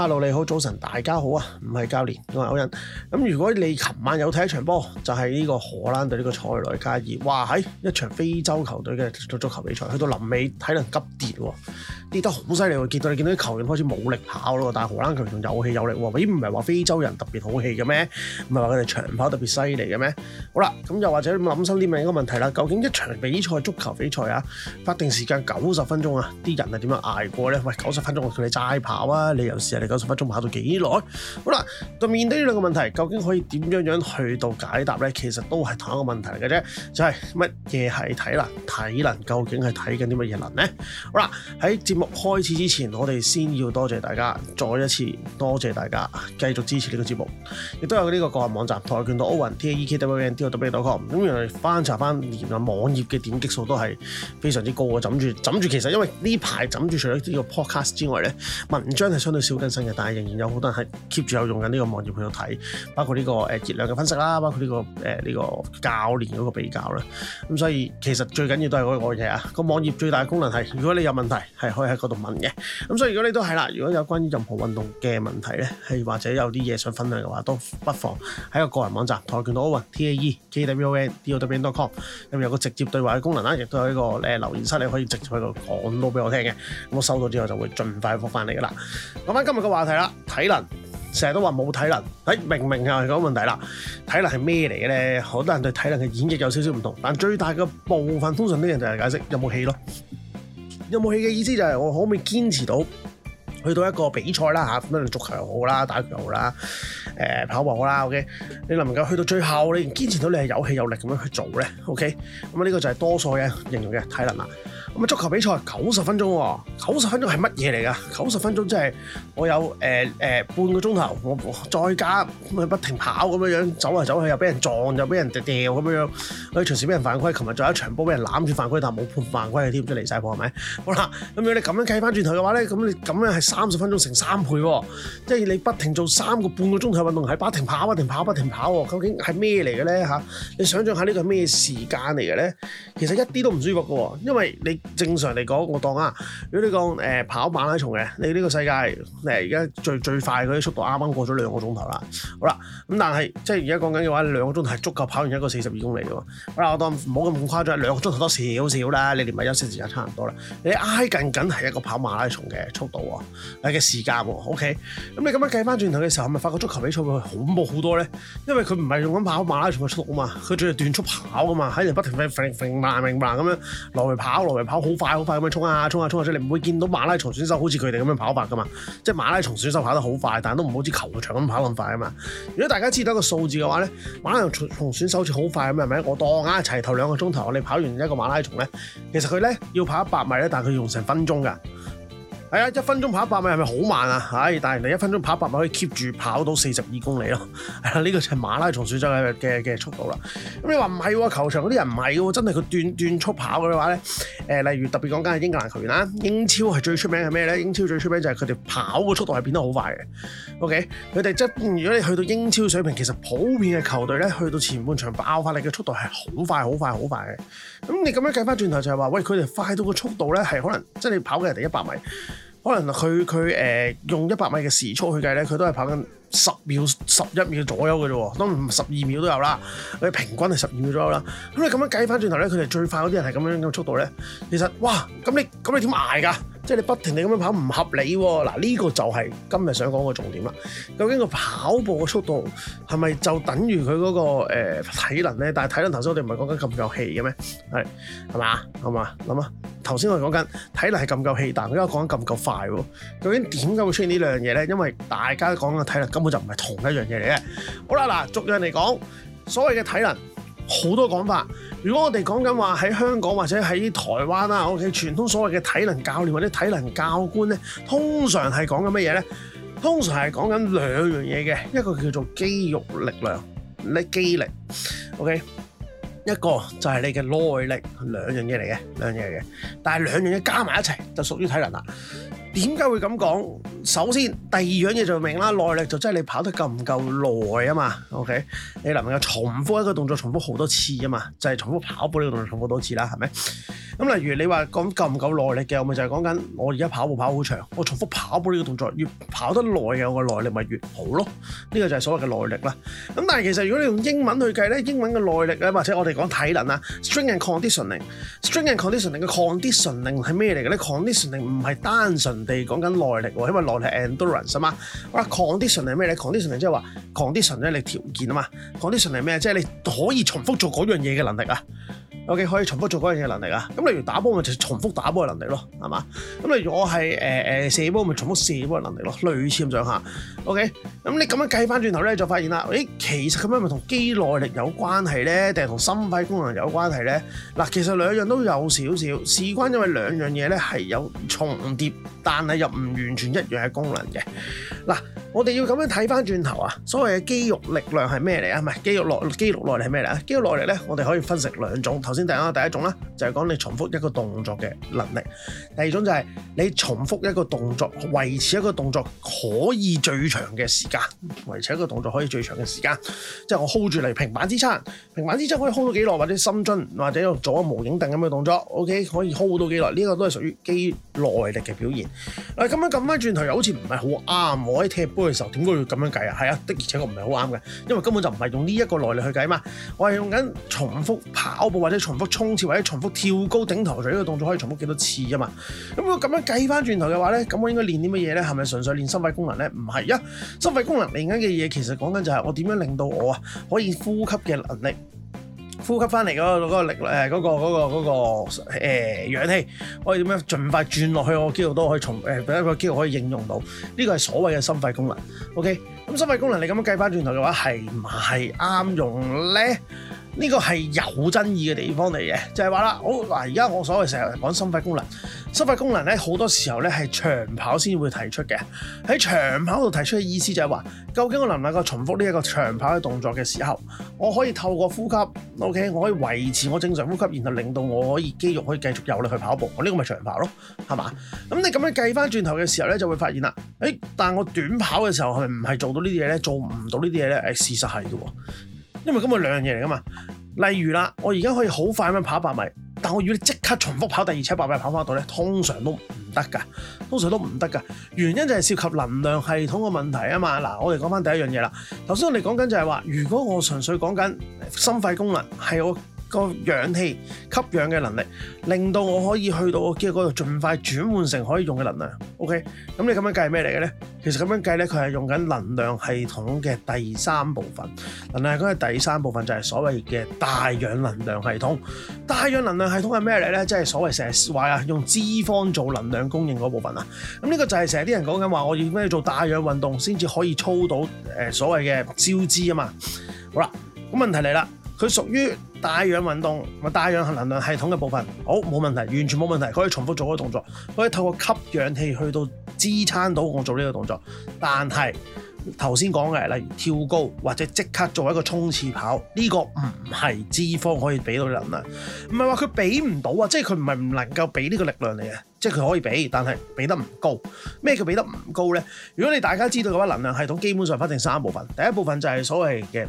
哈嘍，你好，早晨，大家好啊！唔係教練，我係歐人。咁如果你琴晚有睇一場波，就係、是、呢個荷蘭對呢個塞內加爾，哇！喺、哎、一場非洲球隊嘅足球比賽，去到臨尾體能急跌，跌得好犀利。見到你見到啲球員開始冇力跑咯，但係荷蘭球員仲有氣有力喎。咦，唔係話非洲人特別好氣嘅咩？唔係話佢哋長跑特別犀利嘅咩？好啦，咁又或者諗深啲問一個問題啦，究竟一場比賽足球比賽啊，法定時間九十分鐘啊，啲人係點樣捱過咧？喂，九十分鐘我叫你齋跑啊，你又試下你～九十分鐘跑到幾耐？好啦，面對呢兩個問題，究竟可以點樣樣去到解答咧？其實都係同一個問題嘅啫，就係乜嘢係體能？體能究竟係睇緊啲乜嘢能咧？好啦，喺節目開始之前，我哋先要多謝大家，再一次多謝大家繼續支持呢個節目，亦都有呢個個人網站跆拳道 Owen TAEKWONDOWEN.COM。咁原來翻查翻連啊網頁嘅點擊數都係非常之高嘅。枕住枕住，其實因為呢排枕住，除咗呢個 podcast 之外咧，文章係相對少緊。但係仍然有好多人係 keep 住有用緊呢個網頁去度睇，呢個呃，包括呢、呢個誒熱量嘅分析啦，包括呢個誒呢個教練嗰個比較啦。咁所以其實最緊要都係嗰個嘢啊。個網頁最大嘅功能係，如果你有問題係可以喺嗰度問嘅。咁所以如果你都係啦，如果有關於任何運動嘅問題咧，係或者有啲嘢想分享嘅話，都不妨喺個個人網站跆拳道運 T A E K W O N D O W E N dot com，咁有個直接對話嘅功能啦，亦都有呢個誒、呃、留言室你可以直接喺度講到俾我聽嘅。咁我收到之後就會盡快覆返你㗎喇。講翻今日。個話題啦，體能成日都話冇體能，誒、哎，明明又、啊、係個問題啦。體能係咩嚟嘅咧？好多人對體能嘅演繹有少少唔同，但最大嘅部分，通常啲人就係解釋有冇氣咯。有冇氣嘅意思就係、是、我可唔可以堅持到去到一個比賽啦？吓、啊，咁樣足球又好啦，打球好啦，誒、呃，跑步好啦，OK。你能唔能夠去到最後，你堅持到你係有氣有力咁樣去做咧，OK。咁呢個就係多數嘅形容嘅體能啦。足球比賽九十分鐘喎，九十分鐘係乜嘢嚟㗎？九十分鐘即係我有誒誒、呃呃、半個鐘頭，我，我再加咁樣不停跑咁樣樣走嚟走去，又俾人撞，又俾人掉咁樣樣，我隨時俾人犯規。琴日仲有一場波俾人攬住犯規，但係冇判犯規㗎添，唔知離晒譜係咪？好啦，咁樣你咁樣計翻轉頭嘅話咧，咁你咁樣係三十分鐘成三倍喎，即係你不停做三個半個鐘頭嘅運動，係不停跑、不停跑、不停跑。究竟係咩嚟嘅咧？嚇，你想象下呢個係咩時間嚟嘅咧？其實一啲都唔舒服嘅，因為你。正常嚟講，我當啊，如果你講誒跑馬拉松嘅，你呢個世界你而家最最快嗰啲速度啱啱過咗兩個鐘頭啦。好啦，咁但係即係而家講緊嘅話，你兩個鐘頭係足夠跑完一個四十二公里嘅喎。嗱，我當唔好咁誇張，兩個鐘頭多少少啦，你連埋休息時間差唔多啦。你挨近緊係一個跑馬拉松嘅速度，你嘅時間喎。OK，咁你咁樣計翻轉頭嘅時候，係咪發覺足球比賽會恐怖好多咧？因為佢唔係用緊跑馬拉松嘅速度啊嘛，佢仲要斷速跑㗎嘛，喺度不停喺度，停停慢、咁樣來回跑、來回跑。好快好快咁樣衝啊衝啊衝啊,啊你唔會見到馬拉松選手好似佢哋咁樣跑法噶嘛。即係馬拉松選手跑得好快，但係都唔好似球場咁跑咁快啊嘛。如果大家知道一個數字嘅話咧，馬拉松選手好似好快咁樣，係咪？我當啊，齊頭兩個鐘頭我哋跑完一個馬拉松咧，其實佢咧要跑一百米咧，但係佢用成分鐘噶。係、哎、啊，一分鐘跑一百米係咪好慢啊？唉、哎，但係人哋一分鐘跑一百米可以 keep 住跑到四十二公里咯。係、哎、啊，呢、這個就係馬拉松選手嘅嘅速度啦。咁你話唔係喎？球場嗰啲人唔係喎，真係佢斷斷速跑嘅話咧、呃。例如特別講間係講緊英格蘭球員啦，英超係最出名係咩咧？英超最出名就係佢哋跑嘅速度係變得好快嘅。OK，佢哋即如果你去到英超水平，其實普遍嘅球隊咧，去到前半場爆發力嘅速度係好快、好快、好快嘅。咁你咁樣計翻轉頭就係、是、話，喂，佢哋快到個速度咧係可能即係、就是、你跑嘅係第一百米。可能佢佢誒用一百米嘅時速去計咧，佢都係跑緊。十秒、十一秒左右嘅啫，都唔十二秒都有啦。你平均係十二秒左右啦。咁你咁樣計翻轉頭咧，佢哋最快嗰啲人係咁樣嘅速度咧。其實哇，咁你咁你點捱㗎？即係你不停地咁樣跑唔合理喎。嗱，呢個就係今日想講嘅重點啦。究竟個跑步嘅速度係咪就等於佢嗰個誒體能咧？但係體能頭先我哋唔係講緊夠唔夠氣嘅咩？係係嘛係嘛諗啊？頭先我哋講緊體能係夠唔夠氣，但係而家講緊夠唔夠快。究竟點解會出現呢兩樣嘢咧？因為大家講嘅體能咁，根本就唔係同一樣嘢嚟嘅。好啦，嗱，逐樣嚟講，所謂嘅體能好多講法。如果我哋講緊話喺香港或者喺台灣啦，OK，傳統所謂嘅體能教練或者體能教官咧，通常係講緊乜嘢咧？通常係講緊兩樣嘢嘅，一個叫做肌肉力量，你肌力，OK，一個就係你嘅耐力，兩樣嘢嚟嘅，兩樣嘢嚟嘅。但係兩樣嘢加埋一齊就屬於體能啦。點解會咁講？首先，第二樣嘢就明啦，耐力就真係你跑得夠唔夠耐啊嘛。OK，你能夠重複一個動作，重複好多次啊嘛，就係、是、重複跑步呢個動作重複多次啦，係咪？咁例如你話講夠唔夠耐力嘅，我咪就係講緊我而家跑步跑好長，我重複跑步呢個動作，越跑得耐嘅，我嘅耐力咪越好咯。呢個就係所謂嘅耐力啦。咁但係其實如果你用英文去計咧，英文嘅耐力啊，或者我哋講體能啊 strength and conditioning，strength and conditioning 嘅 conditioning 係咩嚟嘅？conditioning 唔係單純地講緊耐力喎，因為耐力 endurance 啊嘛。conditioning 係咩咧？conditioning 即係話 condition 即係你條件啊嘛。conditioning 係咩？即係你可以重複做嗰樣嘢嘅能力啊。我、okay，哋可以重複做嗰樣嘢能力啊，咁例如打波咪就，呃、就重複打波嘅能力咯，係嘛？咁例如我係誒誒射波咪重複射波嘅能力咯，類似咁上下。OK，咁你咁樣計翻轉頭咧，就發現啦，誒其實咁樣咪同肌耐力有關係咧，定係同心肺功能有關係咧？嗱，其實兩樣都有少少，事關因為兩樣嘢咧係有重疊，但係又唔完全一樣嘅功能嘅。嗱，我哋要咁樣睇翻轉頭啊，所謂嘅肌肉力量係咩嚟啊？唔係肌肉耐肌肉耐力係咩嚟啊？肌肉耐力咧，力力我哋可以分成兩種，第一第一種啦，就係講你重複一個動作嘅能力。第二種就係你重複一個動作，維持一個動作可以最長嘅時間，維持一個動作可以最長嘅時間。即係我 hold 住嚟平板支撐，平板支撐可以 hold 到幾耐，或者深蹲，或者做一無影凳咁嘅動作。OK，可以 hold 到幾耐？呢個都係屬於肌耐力嘅表現。嗱，咁樣撳翻轉頭又好似唔係好啱。我喺踢波嘅時候點解要咁樣計啊？係啊，的而且確唔係好啱嘅，因為根本就唔係用呢一個耐力去計嘛。我係用緊重複跑步或者重重複衝刺或者重複跳高頂頭錘呢個動作可以重複幾多次啊嘛？咁如果咁樣計翻轉頭嘅話咧，咁我應該練啲乜嘢咧？係咪純粹練心肺功能咧？唔係啊！心肺功能練緊嘅嘢，其實講緊就係我點樣令到我啊可以呼吸嘅能力，呼吸翻嚟嗰個力誒，嗰個、嗰個、嗰個、嗰個誒、嗰個欸、氧氣，我哋點樣盡快轉落去我肌肉都可以重，誒畀一個肌肉可以應用到。呢個係所謂嘅心肺功能。OK，咁心肺功能你咁樣計翻轉頭嘅話，係唔係啱用咧？呢個係有爭議嘅地方嚟嘅，就係話啦，好嗱，而家我所謂成日講心肺功能，心肺功能咧好多時候咧係長跑先會提出嘅。喺長跑度提出嘅意思就係話，究竟我能唔能夠重複呢一個長跑嘅動作嘅時候，我可以透過呼吸，OK，我可以維持我正常呼吸，然後令到我可以肌肉可以繼續有力去跑步。我、這、呢個咪長跑咯，係嘛？咁你咁樣計翻轉頭嘅時候咧，就會發現啦，誒、哎，但係我短跑嘅時候係唔係做到這些呢啲嘢咧？做唔到這些呢啲嘢咧？誒，事實係嘅喎。因為這係兩樣嘢嚟噶嘛，例如啦，我而家可以好快咁樣跑一百米，但我要你即刻重複跑第二次百米跑翻到呢，通常都唔得噶，通常都唔得噶，原因就係涉及能量系統嘅問題啊嘛。嗱，我哋講翻第一樣嘢啦，首先我哋講緊就係話，如果我純粹講緊心肺功能係我。個氧氣吸氧嘅能力，令到我可以去到個肌肉嗰度，盡快轉換成可以用嘅能量。OK，咁你咁樣計係咩嚟嘅咧？其實咁樣計咧，佢係用緊能量系統嘅第三部分。能量系統嘅第三部分就係所謂嘅大氧能量系統。大氧能量系統係咩嚟咧？即係所謂成日話啊，用脂肪做能量供應嗰部分啊。咁呢個就係成日啲人講緊話，我要咩做大氧運動先至可以操到誒所謂嘅消脂啊嘛。好啦，咁問題嚟啦，佢屬於。帶氧運動同埋帶氧能量系統嘅部分，好，冇問題，完全冇問題，可以重複做嗰個動作，可以透過吸氧氣去到支撐到我做呢個動作。但係頭先講嘅，例如跳高或者即刻做一個衝刺跑，呢個唔係脂肪可以俾到能量，唔係話佢俾唔到啊，即係佢唔係唔能夠俾呢個力量嚟嘅，即係佢可以俾，但係俾得唔高。咩叫俾得唔高呢？如果你大家知道嘅話，能量系統基本上分成三部分，第一部分就係所謂嘅。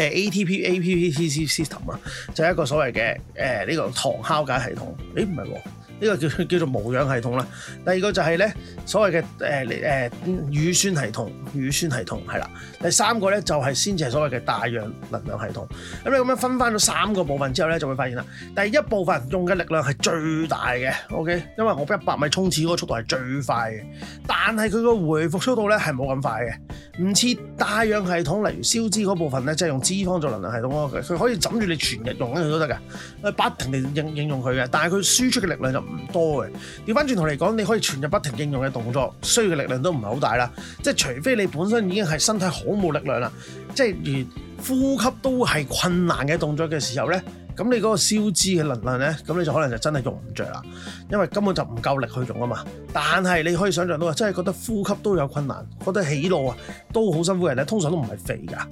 欸、ATP、APP、CC system 啊，就係一個所謂嘅誒呢個糖酵解系統，誒唔係喎。欸呢個叫叫做無氧系統啦，第二個就係咧所謂嘅誒誒乳酸系統，乳酸系統係啦，第三個咧就係先至係所謂嘅大氧能量系統。咁你咁樣分翻咗三個部分之後咧，就會發現啦，第一部分用嘅力量係最大嘅，OK，因為我一百米衝刺嗰個速度係最快嘅，但係佢個回復速度咧係冇咁快嘅，唔似大氧系統例如消脂嗰部分咧，即係用脂肪做能量系統咯，佢可以枕住你全日用緊佢都得嘅，你不停哋應用佢嘅，但係佢輸出嘅力量就不唔多嘅，調翻轉頭嚟講，你可以全日不停應用嘅動作，需要嘅力量都唔係好大啦。即係除非你本身已經係身體好冇力量啦，即係連呼吸都係困難嘅動作嘅時候呢，咁你嗰個消脂嘅能量呢，咁你就可能就真係用唔着啦，因為根本就唔夠力去用啊嘛。但係你可以想象到啊，真係覺得呼吸都有困難，覺得起路啊都好辛苦嘅人呢，通常都唔係肥噶。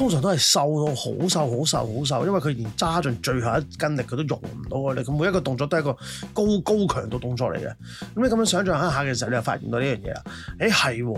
通常都係瘦到好瘦好瘦好瘦，因為佢連揸盡最後一斤力，佢都用唔到嘅力。咁每一個動作都係一個高高強度動作嚟嘅。咁你咁樣想象一下嘅時候，你就發現到呢樣嘢啦。誒係，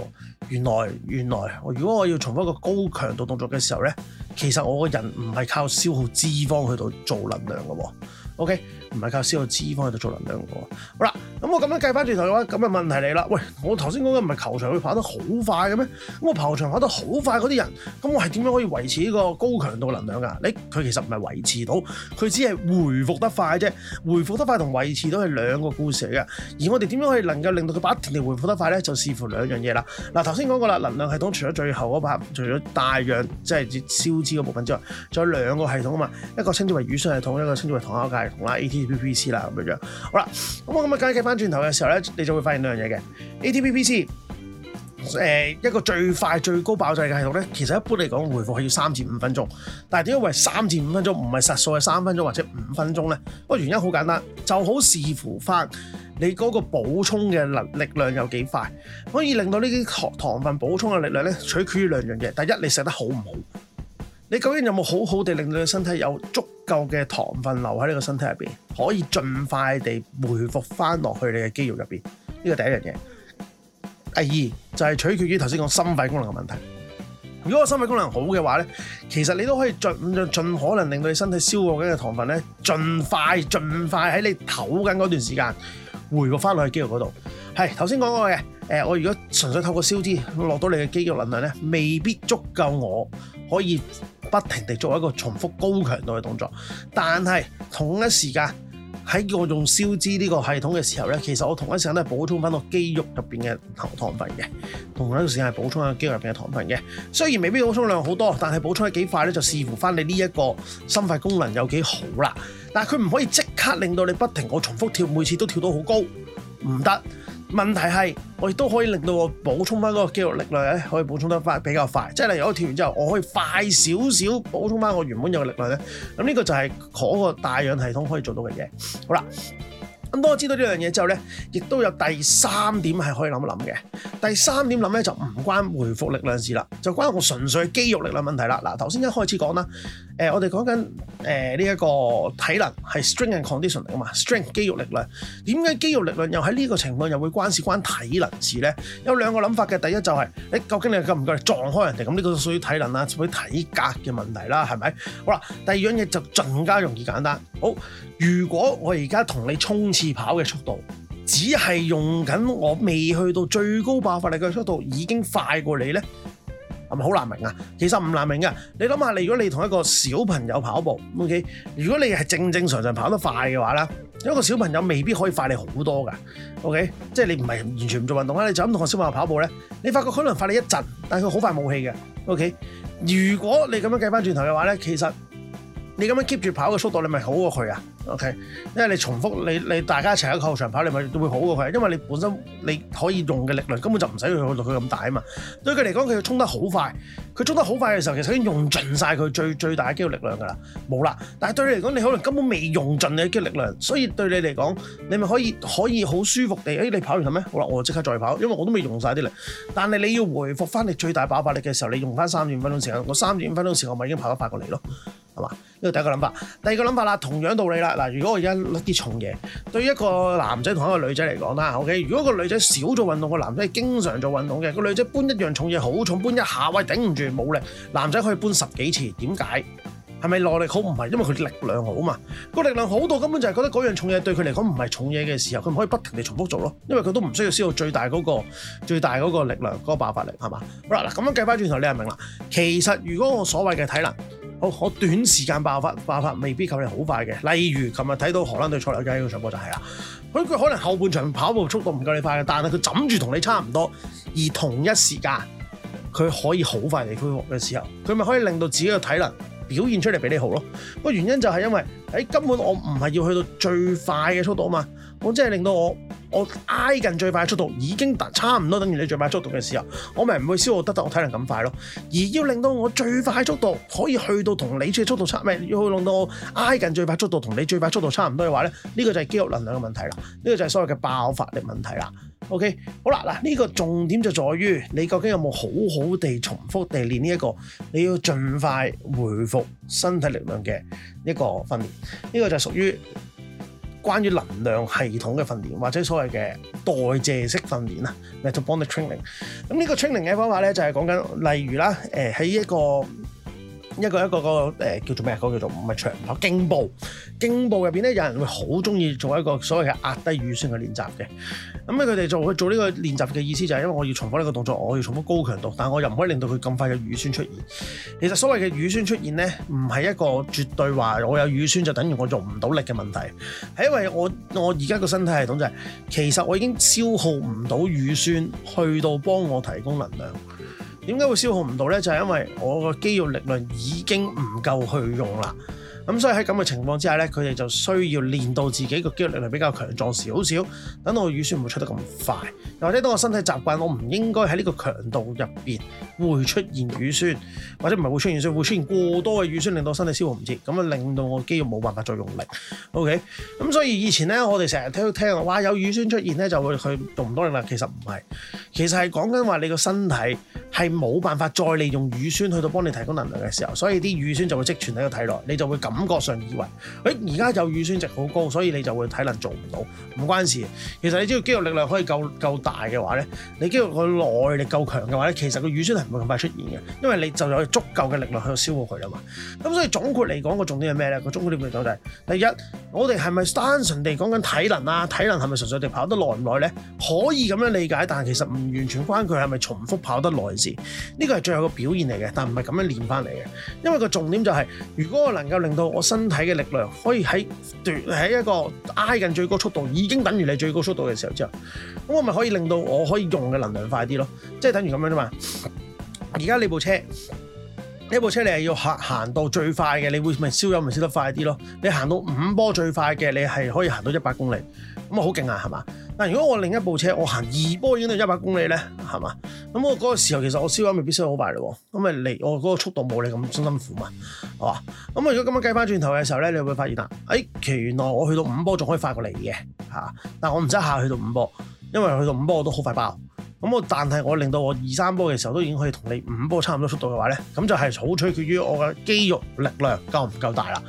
原來原來，如果我要重複一個高強度動作嘅時候咧，其實我個人唔係靠消耗脂肪去到做能量嘅喎。OK。唔係靠消耗脂肪喺度做能量喎。好啦，咁我咁樣計翻轉頭嘅話，咁啊問題嚟啦。喂，我頭先講嘅唔係球場會跑得好快嘅咩？咁我球場跑得好快嗰啲人，咁我係點樣可以維持呢個高強度能量㗎？你佢其實唔係維持到，佢只係回復得快啫。回復得快同維持到係兩個故事嚟嘅。而我哋點樣可以能夠令到佢不停地回復得快咧？就視乎兩樣嘢啦。嗱，頭先講過啦，能量系統除咗最後嗰 part，除咗帶氧即係燒脂嘅部分之外，仲有兩個系統啊嘛。一個稱之為乳酸系統，一個稱之為糖酵解系統啦。AT ATPPC 啦咁樣樣，好啦，咁我咁啊，計翻轉頭嘅時候咧，你就會發現兩樣嘢嘅 ATPPC，誒，一個最快最高爆炸嘅系統咧，其實一般嚟講回復係要三至五分鐘，但係點解會三至五分鐘唔係實數係三分鐘或者五分鐘咧？個原因好簡單，就好視乎翻你嗰個補充嘅能力量有幾快，可以令到呢啲糖糖分補充嘅力量咧，取決於兩樣嘢，第一你食得好唔好。你究竟有冇好好地令到你身體有足夠嘅糖分留喺你個身體入邊，可以盡快地回復翻落去你嘅肌肉入邊？呢個第一樣嘢。第二就係、是、取決於頭先講心肺功能嘅問題。如果個心肺功能好嘅話咧,其實你都可以盡盡可能令到你的身體消耗緊嘅糖分咧，盡快盡快喺你唞緊嗰段時間回復翻落去的肌肉嗰度。係頭先講過嘅。誒、呃，我如果純粹透過燒脂落到你嘅肌肉能量咧，未必足夠我可以不停地做一個重複高強度嘅動作。但係同一時間喺我用燒脂呢個系統嘅時候咧，其實我同一時間都係補充翻個肌肉入邊嘅糖分嘅，同一個時間係補充下肌肉入邊嘅糖分嘅。雖然未必補充量好多，但係補充得幾快咧，就視乎翻你呢一個心肺功能有幾好啦。但係佢唔可以即刻令到你不停我重複跳，每次都跳到好高，唔得。問題係，我亦都可以令到我補充翻嗰個肌肉力量咧，可以補充得快比較快。即係例如我跳完之後，我可以快少少補充翻我原本有嘅力量咧。咁呢個就係嗰個帶氧系統可以做到嘅嘢。好啦。咁當我知道呢樣嘢之後咧，亦都有第三點係可以諗一諗嘅。第三點諗咧就唔關回復力量事啦，就關我純粹肌肉力量問題啦。嗱，頭先一開始講啦、呃，我哋講緊呢一個體能係 strength and condition 嚟噶嘛 strength 肌肉力量。點解肌肉力量又喺呢個情況又會關事關體能事咧？有兩個諗法嘅。第一就係、誒、究竟你夠唔夠力撞開人哋？咁、這、呢個屬於體能啊，屬於體格嘅問題啦，係咪？好啦，第二樣嘢就更加容易簡單。好，如果我而家同你衝次跑嘅速度，只係用緊我未去到最高爆發力嘅速度，已經快過你呢？係咪好難明啊？其實唔難明噶，你諗下，你如果你同一個小朋友跑步，OK，如果你係正正常常跑得快嘅話咧，一個小朋友未必可以快你好多噶，O K，即係你唔係完全唔做運動啦，你就咁同個小朋友跑步呢，你發覺可能快你一陣，但係佢好快冇氣嘅，O K，如果你咁樣計翻轉頭嘅話呢，其實你咁樣 keep 住跑嘅速度，你咪好過佢啊。O、okay, K，因為你重複你你大家一齊喺球場跑，你咪都會好過佢。因為你本身你可以用嘅力量根本就唔使到佢咁大啊嘛。對佢嚟講，佢要衝得好快，佢衝得好快嘅時候，其實已經用盡晒佢最最大嘅肌肉力量㗎啦，冇啦。但係對你嚟講，你可能根本未用盡你嘅肌肉力量，所以對你嚟講，你咪可以可以好舒服地，誒、哎、你跑完係咩？好啦，我即刻再跑，因為我都未用晒啲力。但係你要回復翻你最大爆發力嘅時候，你用翻三至五分鐘的時間，我三至五分鐘時間咪已經跑得百個嚟咯。係嘛？呢個第一個諗法，第二個諗法啦，同樣道理啦。嗱，如果我而家甩啲重嘢，對一個男仔同一個女仔嚟講啦，O K，如果個女仔少做運動，個男仔經常做運動嘅，個女仔搬一樣重嘢好重，搬一下位頂唔住，喂，頂唔住冇力。男仔可以搬十幾次，點解？係咪耐力好？唔係，因為佢力量好嘛。個力量好到根本就係覺得嗰樣重嘢對佢嚟講唔係重嘢嘅時候，佢可以不停地重複做咯，因為佢都唔需要消耗最大嗰、嗰個最大個力量嗰、嗰個爆發力，係嘛？好啦，嗱，咁樣計翻轉頭，你係明啦。其實如果我所謂嘅體能，好，我短時間爆發爆發未必及你好快嘅。例如琴日睇到荷蘭對塞內加爾嘅場波就係、是、啦。佢可能後半場跑步速度唔夠你快嘅，但係佢枕住同你差唔多，而同一時間佢可以好快地恢復嘅時候，佢咪可以令到自己嘅體能表現出嚟比你好咯。個原因就係因為喺、欸、根本我唔係要去到最快嘅速度啊嘛。我真係令到我我挨近最快速度已經差唔多等於你最快速度嘅時候，我咪唔會消耗得到我體能咁快咯。而要令到我最快速度可以去到同你最速度差咩？要去令到我挨近最快速度同你最快速度差唔多嘅話咧，呢、這個就係肌肉能量嘅問題啦。呢、這個就係所謂嘅爆發力問題啦。OK，好啦，嗱，呢個重點就在於你究竟有冇好好地重複地練呢一個，你要盡快回復身體力量嘅一個訓練。呢、這個就屬於。關於能量系統嘅訓練，或者所謂嘅代謝式訓練啊，metabolic training。咁呢個 training 嘅方法咧，就係講緊，例如啦，誒、呃、喺一個。一個一個、嗰個誒叫做咩？嗰、嗰個、叫做唔係長跑，競步。競步入邊咧，有人會好中意做一個所謂嘅壓低乳酸嘅練習嘅。咁咧，佢哋做去做呢個練習嘅意思就係因為我要重複呢個動作，我要重複高強度，但係我又唔可以令到佢咁快嘅乳酸出現。其實所謂嘅乳酸出現咧，唔係一個絕對話我有乳酸就等於我用唔到力嘅問題，係因為我我而家個身體系統就係、係、其實我已經消耗唔到乳酸去到幫我提供能量。點解會消耗唔到呢？就係因為我個肌肉力量已經唔夠去用啦。咁所以喺咁嘅情況之下呢，佢哋就需要練到自己個肌肉力量比較強壯少少，等到乳酸唔會出得咁快。或者當我身體習慣，我唔應該喺呢個強度入邊會出現乳酸，或者唔係會出現乳酸，會出現過多嘅乳酸，令到身體消耗唔切，咁啊令到我肌肉冇辦法再用力。OK，咁所以以前呢，我哋成日聽到聽話有乳酸出現呢就會去用唔多力量，其實唔係，其實係講緊話你個身體係冇辦法再利用乳酸去到幫你提供能量嘅時候，所以啲乳酸就會積存喺個體內，你就會感覺上以為，誒而家有乳酸值好高，所以你就會體能做唔到，唔關事。其實你只要肌肉力量可以夠夠大。大嘅話咧，你肌肉個耐力夠強嘅話咧，其實個乳酸係唔會咁快出現嘅，因為你就有足夠嘅力量去消耗佢啦嘛。咁所以總括嚟講，個重點係咩咧？個總括啲嘅東西，第一，我哋係咪單純地講緊體能啊？體能係咪純粹地跑得耐唔耐咧？可以咁樣理解，但係其實唔完全關佢係咪重複跑得耐事。呢個係最後個表現嚟嘅，但唔係咁樣練翻嚟嘅。因為個重點就係、是，如果我能夠令到我身體嘅力量可以喺喺一個挨近最高速度已經等於你最高速度嘅時候之後，咁我咪可以令。用到我可以用嘅能量快啲咯，即係等於咁樣啫嘛。而家你部車，呢部車你係要行行到最快嘅，你會咪燒油咪燒得快啲咯。你行到五波最快嘅，你係可以行到一百公里，咁啊好勁啊，係嘛？但如果我另一部車，我行二波已經到一百公里咧，係嘛？咁我嗰個時候其實我燒嘅未必燒得好快嚟喎，咁咪嚟我嗰個速度冇你咁辛苦嘛，係嘛？咁啊如果咁樣計翻轉頭嘅時候咧，你會發現啊，誒、哎、其原來我去到五波仲可以快過你嘅，但我唔使下去到五波，因為去到五波我都好快爆。咁我但係我令到我二三波嘅時候都已經可以同你五波差唔多速度嘅話咧，咁就係好取決於我嘅肌肉力量夠唔夠大啦。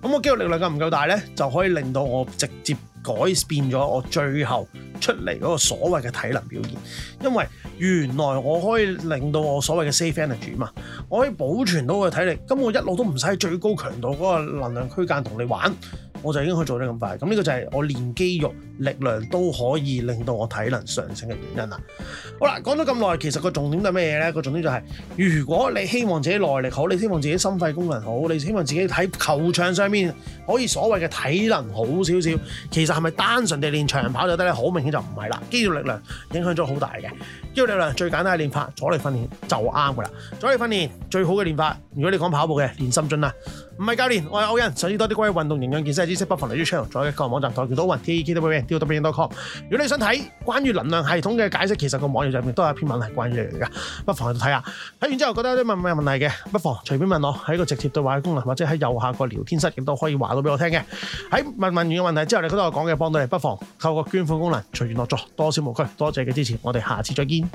咁我肌肉力量夠唔夠大咧，就可以令到我直接改變咗我最後出嚟嗰個所謂嘅體能表現，因為原來我可以令到我所謂嘅 safe energy 嘛，我可以保存到個體力，咁我一路都唔使最高強度嗰個能量區間同你玩，我就已經可以做得咁快，咁呢個就係我練肌肉力量都可以令到我體能上升嘅原因啊！好啦，講咗咁耐，其實個重點係咩嘢呢？個重點就係、是、如果你希望自己耐力好，你希望自己心肺功能好，你希望自己喺球場上面可以所謂嘅體能好少少，其實係咪單純地練長跑就得呢？好明顯就唔係啦，肌肉力量影響咗好大嘅。肌肉力量最簡單嘅練法，阻力訓練就啱噶啦。阻力訓練最好嘅練法，如果你講跑步嘅練深蹲啦，唔係教練，我係歐恩，想要多啲關於運動營養健身嘅知識不，不妨嚟呢 channel，網站跆拳道 Wen TKWN 到特應對，如果你想睇關於能量系統嘅解釋，其實個網頁上面都有一篇文係關於嚟噶，不妨去睇下。睇完之後覺得有啲問問題嘅，不妨隨便問我喺個直接對話嘅功能，或者喺右下角聊天室亦都可以話到俾我聽嘅。喺問問完嘅問題之後，你覺得我講嘅幫到你，不妨透過捐款功能隨緣樂助，多少無拘。多謝你嘅支持，我哋下次再見。